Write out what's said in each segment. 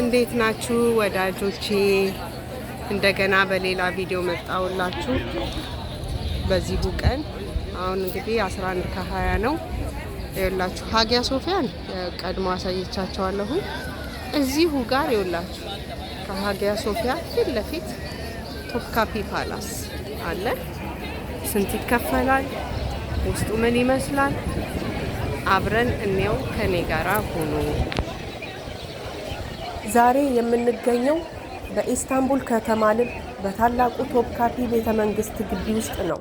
እንዴት ናችሁ ወዳጆቼ? እንደገና በሌላ ቪዲዮ መጣውላችሁ በዚሁ ቀን። አሁን እንግዲህ 11 ከ20 ነው ይላችሁ። ሀጊያ ሶፊያን ቀድሞ አሳየቻቸዋለሁ። እዚሁ ጋር ይውላችሁ ከሀጊያ ሶፊያ ፊት ለፊት ቶፕካፒ ፓላስ አለ። ስንት ይከፈላል? ውስጡ ምን ይመስላል? አብረን እንየው። ከኔ ጋራ ሆኖ? ዛሬ የምንገኘው በኢስታንቡል ከተማ ልብ በታላቁ ቶፕካፒ ቤተ መንግስት ግቢ ውስጥ ነው።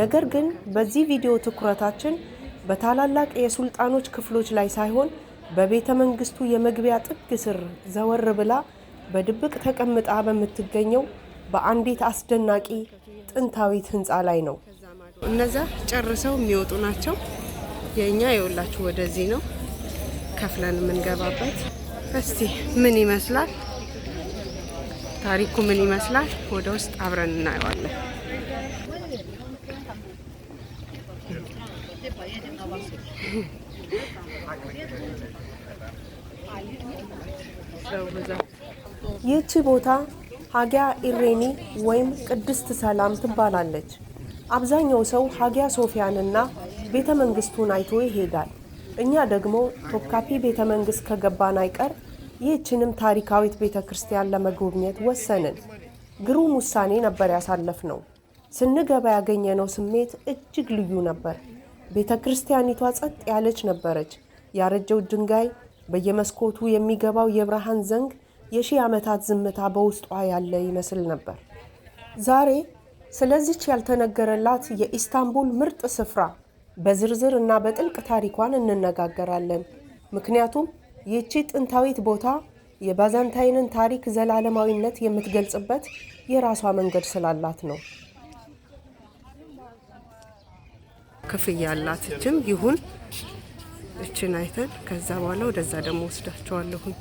ነገር ግን በዚህ ቪዲዮ ትኩረታችን በታላላቅ የሱልጣኖች ክፍሎች ላይ ሳይሆን በቤተ መንግስቱ የመግቢያ ጥግ ስር ዘወር ብላ በድብቅ ተቀምጣ በምትገኘው በአንዲት አስደናቂ ጥንታዊት ህንፃ ላይ ነው። እነዛ ጨርሰው የሚወጡ ናቸው። የእኛ የውላችሁ ወደዚህ ነው ከፍለን የምንገባበት እስቲ ምን ይመስላል ታሪኩ ምን ይመስላል? ወደ ውስጥ አብረን እናየዋለን። ይህቺ ቦታ ሀጊያ ኢሬኒ ወይም ቅድስት ሰላም ትባላለች። አብዛኛው ሰው ሀጊያ ሶፊያንና ቤተ መንግስቱን አይቶ ይሄዳል። እኛ ደግሞ ቶካፒ ቤተ መንግስት ከገባን አይቀር ይህችንም ታሪካዊት ቤተ ክርስቲያን ለመጎብኘት ወሰንን። ግሩም ውሳኔ ነበር ያሳለፍ ነው። ስንገባ ያገኘነው ስሜት እጅግ ልዩ ነበር። ቤተ ክርስቲያኒቷ ጸጥ ያለች ነበረች። ያረጀው ድንጋይ፣ በየመስኮቱ የሚገባው የብርሃን ዘንግ፣ የሺህ ዓመታት ዝምታ በውስጧ ያለ ይመስል ነበር። ዛሬ ስለዚች ያልተነገረላት የኢስታንቡል ምርጥ ስፍራ በዝርዝር እና በጥልቅ ታሪኳን እንነጋገራለን። ምክንያቱም ይህቺ ጥንታዊት ቦታ የባዛንታይንን ታሪክ ዘላለማዊነት የምትገልጽበት የራሷ መንገድ ስላላት ነው። ክፍያ ያላት ይሁን እችን አይተን ከዛ በኋላ ወደዛ ደግሞ ወስዳቸዋለሁኝ።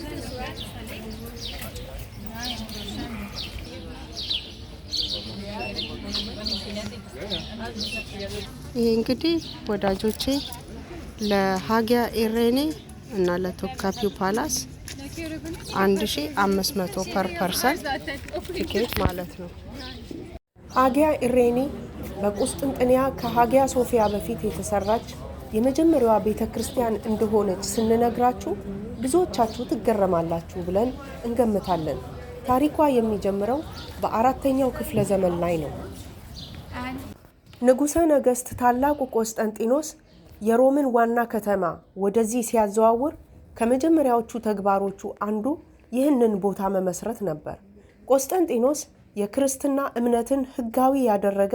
ይሄ እንግዲህ ወዳጆቼ ለሀጊያ ኢሬኔ እና ለቶካፒው ፓላስ አንድ ሺ አምስት መቶ ፐር ፐርሰን ቲኬት ማለት ነው። ሀጊያ ኢሬኔ በቁስጥንጥንያ ከሀጊያ ሶፊያ በፊት የተሰራች የመጀመሪያዋ ቤተ ክርስቲያን እንደሆነች ስንነግራችሁ ብዙዎቻችሁ ትገረማላችሁ ብለን እንገምታለን። ታሪኳ የሚጀምረው በአራተኛው ክፍለ ዘመን ላይ ነው። ንጉሠ ነገሥት ታላቁ ቆስጠንጢኖስ የሮምን ዋና ከተማ ወደዚህ ሲያዘዋውር ከመጀመሪያዎቹ ተግባሮቹ አንዱ ይህንን ቦታ መመስረት ነበር። ቆስጠንጢኖስ የክርስትና እምነትን ሕጋዊ ያደረገ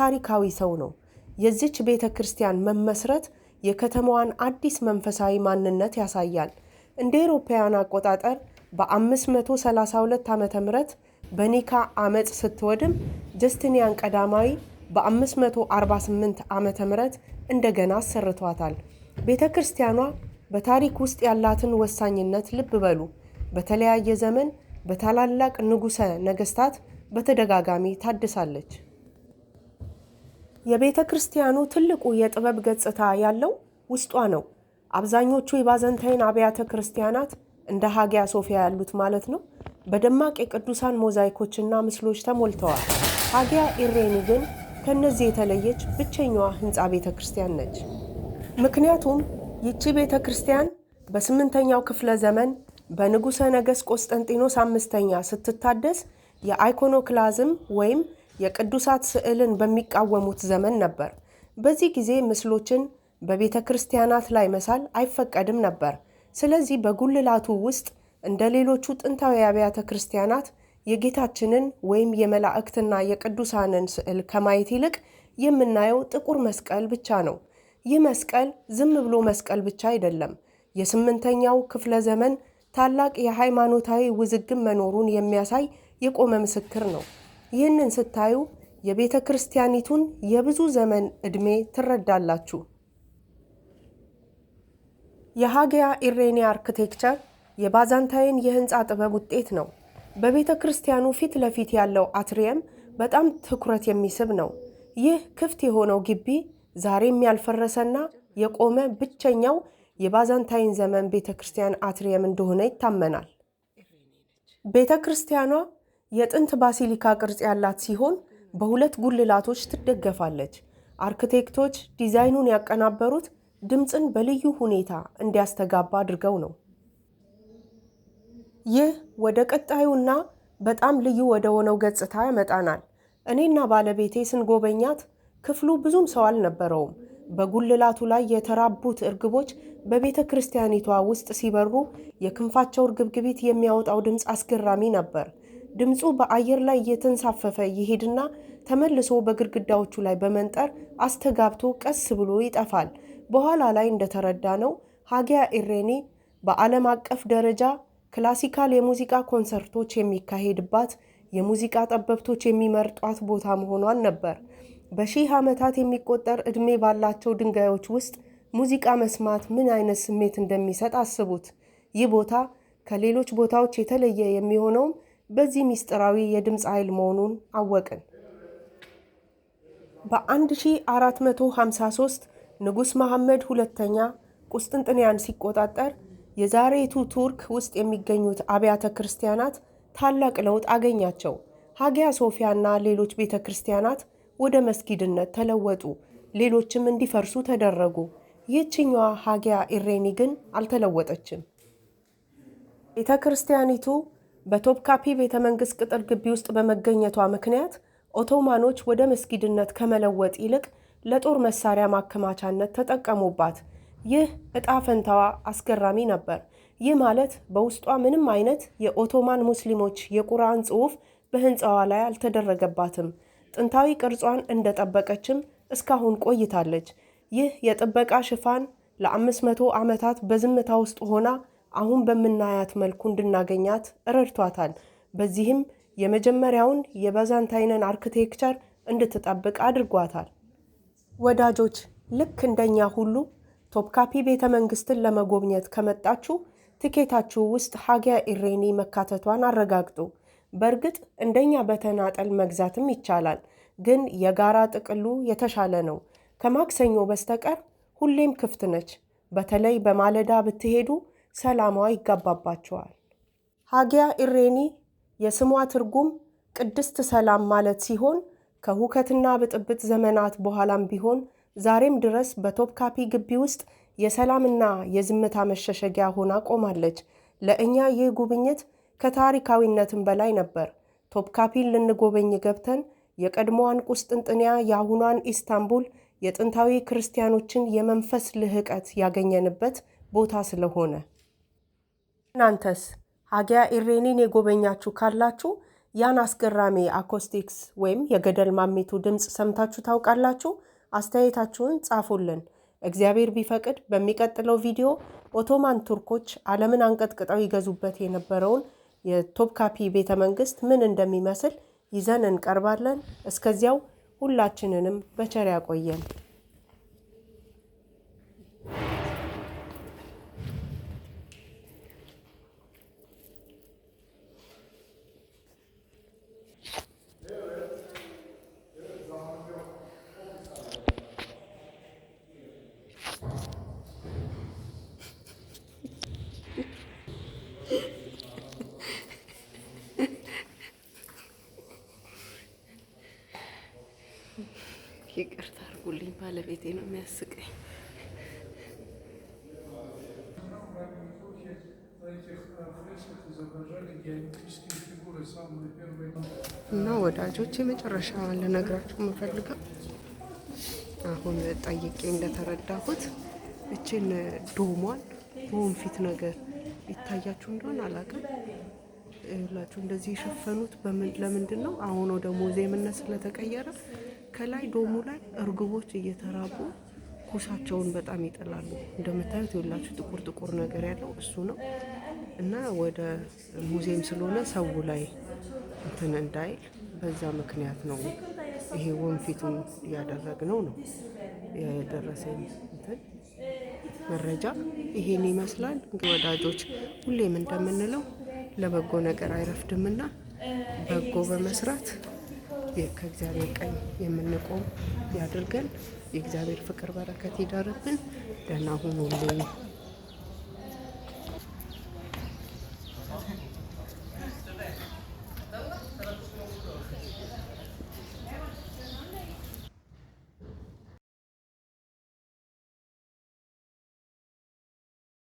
ታሪካዊ ሰው ነው። የዚች ቤተ ክርስቲያን መመስረት የከተማዋን አዲስ መንፈሳዊ ማንነት ያሳያል። እንደ ኤሮፓውያን አቆጣጠር በ532 ዓ ም በኒካ አመፅ ስትወድም ጀስቲንያን ቀዳማዊ በ548 ዓ ም እንደገና አሰርቷታል። ቤተ ክርስቲያኗ በታሪክ ውስጥ ያላትን ወሳኝነት ልብ በሉ። በተለያየ ዘመን በታላላቅ ንጉሠ ነገሥታት በተደጋጋሚ ታድሳለች። የቤተ ክርስቲያኑ ትልቁ የጥበብ ገጽታ ያለው ውስጧ ነው። አብዛኞቹ የባዘንታይን አብያተ ክርስቲያናት እንደ ሀጊያ ሶፊያ ያሉት ማለት ነው በደማቅ የቅዱሳን ሞዛይኮችና ምስሎች ተሞልተዋል። ሀጊያ ኢሬኒ ግን ከእነዚህ የተለየች ብቸኛዋ ህንፃ ቤተ ክርስቲያን ነች። ምክንያቱም ይቺ ቤተ ክርስቲያን በስምንተኛው ክፍለ ዘመን በንጉሠ ነገሥት ቆስጠንጢኖስ አምስተኛ ስትታደስ የአይኮኖክላዝም ወይም የቅዱሳት ስዕልን በሚቃወሙት ዘመን ነበር። በዚህ ጊዜ ምስሎችን በቤተ ክርስቲያናት ላይ መሳል አይፈቀድም ነበር። ስለዚህ በጉልላቱ ውስጥ እንደ ሌሎቹ ጥንታዊ አብያተ ክርስቲያናት የጌታችንን ወይም የመላእክትና የቅዱሳንን ስዕል ከማየት ይልቅ የምናየው ጥቁር መስቀል ብቻ ነው። ይህ መስቀል ዝም ብሎ መስቀል ብቻ አይደለም። የስምንተኛው ክፍለ ዘመን ታላቅ የሃይማኖታዊ ውዝግብ መኖሩን የሚያሳይ የቆመ ምስክር ነው። ይህንን ስታዩ የቤተ ክርስቲያኒቱን የብዙ ዘመን ዕድሜ ትረዳላችሁ። የሃጊያ ኢሬኒ አርክቴክቸር የባዛንታይን የህንፃ ጥበብ ውጤት ነው። በቤተ ክርስቲያኑ ፊት ለፊት ያለው አትሪየም በጣም ትኩረት የሚስብ ነው። ይህ ክፍት የሆነው ግቢ ዛሬም ያልፈረሰና የቆመ ብቸኛው የባዛንታይን ዘመን ቤተ ክርስቲያን አትሪየም እንደሆነ ይታመናል። ቤተ ክርስቲያኗ የጥንት ባሲሊካ ቅርጽ ያላት ሲሆን በሁለት ጉልላቶች ትደገፋለች። አርክቴክቶች ዲዛይኑን ያቀናበሩት ድምፅን በልዩ ሁኔታ እንዲያስተጋባ አድርገው ነው። ይህ ወደ ቀጣዩና በጣም ልዩ ወደ ሆነው ገጽታ ያመጣናል። እኔና ባለቤቴ ስንጎበኛት ክፍሉ ብዙም ሰው አልነበረውም። በጉልላቱ ላይ የተራቡት እርግቦች በቤተ ክርስቲያኒቷ ውስጥ ሲበሩ የክንፋቸው እርግብግቢት የሚያወጣው ድምፅ አስገራሚ ነበር። ድምፁ በአየር ላይ እየተንሳፈፈ ይሄድና ተመልሶ በግድግዳዎቹ ላይ በመንጠር አስተጋብቶ ቀስ ብሎ ይጠፋል። በኋላ ላይ እንደተረዳ ነው ሃጊያ ኢሬኒ በዓለም አቀፍ ደረጃ ክላሲካል የሙዚቃ ኮንሰርቶች የሚካሄድባት የሙዚቃ ጠበብቶች የሚመርጧት ቦታ መሆኗን ነበር። በሺህ ዓመታት የሚቆጠር ዕድሜ ባላቸው ድንጋዮች ውስጥ ሙዚቃ መስማት ምን አይነት ስሜት እንደሚሰጥ አስቡት። ይህ ቦታ ከሌሎች ቦታዎች የተለየ የሚሆነውም በዚህ ምስጢራዊ የድምፅ ኃይል መሆኑን አወቅን። በ1453 ንጉሥ መሐመድ ሁለተኛ ቁስጥንጥንያን ሲቆጣጠር የዛሬቱ ቱርክ ውስጥ የሚገኙት አብያተ ክርስቲያናት ታላቅ ለውጥ አገኛቸው። ሀጊያ ሶፊያና ሌሎች ቤተ ክርስቲያናት ወደ መስጊድነት ተለወጡ። ሌሎችም እንዲፈርሱ ተደረጉ። ይህችኛዋ ሀጊያ ኢሬኒ ግን አልተለወጠችም። ቤተ ክርስቲያኒቱ በቶፕካፒ ቤተ መንግሥት ቅጥር ግቢ ውስጥ በመገኘቷ ምክንያት ኦቶማኖች ወደ መስጊድነት ከመለወጥ ይልቅ ለጦር መሳሪያ ማከማቻነት ተጠቀሙባት። ይህ እጣ ፈንታዋ አስገራሚ ነበር። ይህ ማለት በውስጧ ምንም አይነት የኦቶማን ሙስሊሞች የቁርአን ጽሑፍ በህንፃዋ ላይ አልተደረገባትም። ጥንታዊ ቅርጿን እንደጠበቀችም እስካሁን ቆይታለች። ይህ የጥበቃ ሽፋን ለ500 ዓመታት በዝምታ ውስጥ ሆና አሁን በምናያት መልኩ እንድናገኛት ረድቷታል። በዚህም የመጀመሪያውን የባዛንታይንን አርክቴክቸር እንድትጠብቅ አድርጓታል። ወዳጆች ልክ እንደኛ ሁሉ ቶፕካፒ ቤተ መንግስትን ለመጎብኘት ከመጣችሁ ትኬታችሁ ውስጥ ሀጊያ ኢሬኒ መካተቷን አረጋግጡ። በእርግጥ እንደኛ በተናጠል መግዛትም ይቻላል፣ ግን የጋራ ጥቅሉ የተሻለ ነው። ከማክሰኞ በስተቀር ሁሌም ክፍት ነች። በተለይ በማለዳ ብትሄዱ ሰላሟ ይጋባባቸዋል። ሀጊያ ኢሬኒ የስሟ ትርጉም ቅድስት ሰላም ማለት ሲሆን ከሁከትና ብጥብጥ ዘመናት በኋላም ቢሆን ዛሬም ድረስ በቶፕካፒ ግቢ ውስጥ የሰላምና የዝምታ መሸሸጊያ ሆና ቆማለች። ለእኛ ይህ ጉብኝት ከታሪካዊነትም በላይ ነበር። ቶፕካፒን ልንጎበኝ ገብተን የቀድሞዋን ቁስጥንጥንያ የአሁኗን ኢስታንቡል የጥንታዊ ክርስቲያኖችን የመንፈስ ልህቀት ያገኘንበት ቦታ ስለሆነ እናንተስ ሀጊያ ኢሬኒን የጎበኛችሁ ካላችሁ ያን አስገራሚ አኮስቲክስ ወይም የገደል ማሚቱ ድምፅ ሰምታችሁ ታውቃላችሁ? አስተያየታችሁን ጻፉልን። እግዚአብሔር ቢፈቅድ በሚቀጥለው ቪዲዮ ኦቶማን ቱርኮች ዓለምን አንቀጥቅጠው ይገዙበት የነበረውን የቶፕካፒ ቤተ መንግስት ምን እንደሚመስል ይዘን እንቀርባለን። እስከዚያው ሁላችንንም በቸር ያቆየን። አድርጉልኝ። ባለቤቴ ነው የሚያስቀኝ። እና ወዳጆች የመጨረሻ ልነግራችሁ የምፈልገው አሁን ጠይቄ እንደተረዳሁት እችን ዶሟን በወንፊት ነገር ይታያችሁ እንደሆን አላውቅም። ሁላችሁ እንደዚህ የሸፈኑት ለምንድን ነው? አሁን ወደ ሙዚየምነት ስለተቀየረ ከላይ ዶሙ ላይ እርግቦች እየተራቡ ኩሳቸውን በጣም ይጥላሉ። እንደምታዩት የሁላችሁ ጥቁር ጥቁር ነገር ያለው እሱ ነው እና ወደ ሙዚየም ስለሆነ ሰው ላይ እንትን እንዳይል በዛ ምክንያት ነው ይሄ ወንፊቱን እያደረግነው ነው። የደረሰኝ እንትን መረጃ ይሄን ይመስላል። እንግዲህ ወዳጆች ሁሌም እንደምንለው ለበጎ ነገር አይረፍድምና በጎ በመስራት ከእግዚአብሔር ቀኝ የምንቆም ያድርገን። የእግዚአብሔር ፍቅር በረከት ይደርብን። ደህና ሁኑልኝ።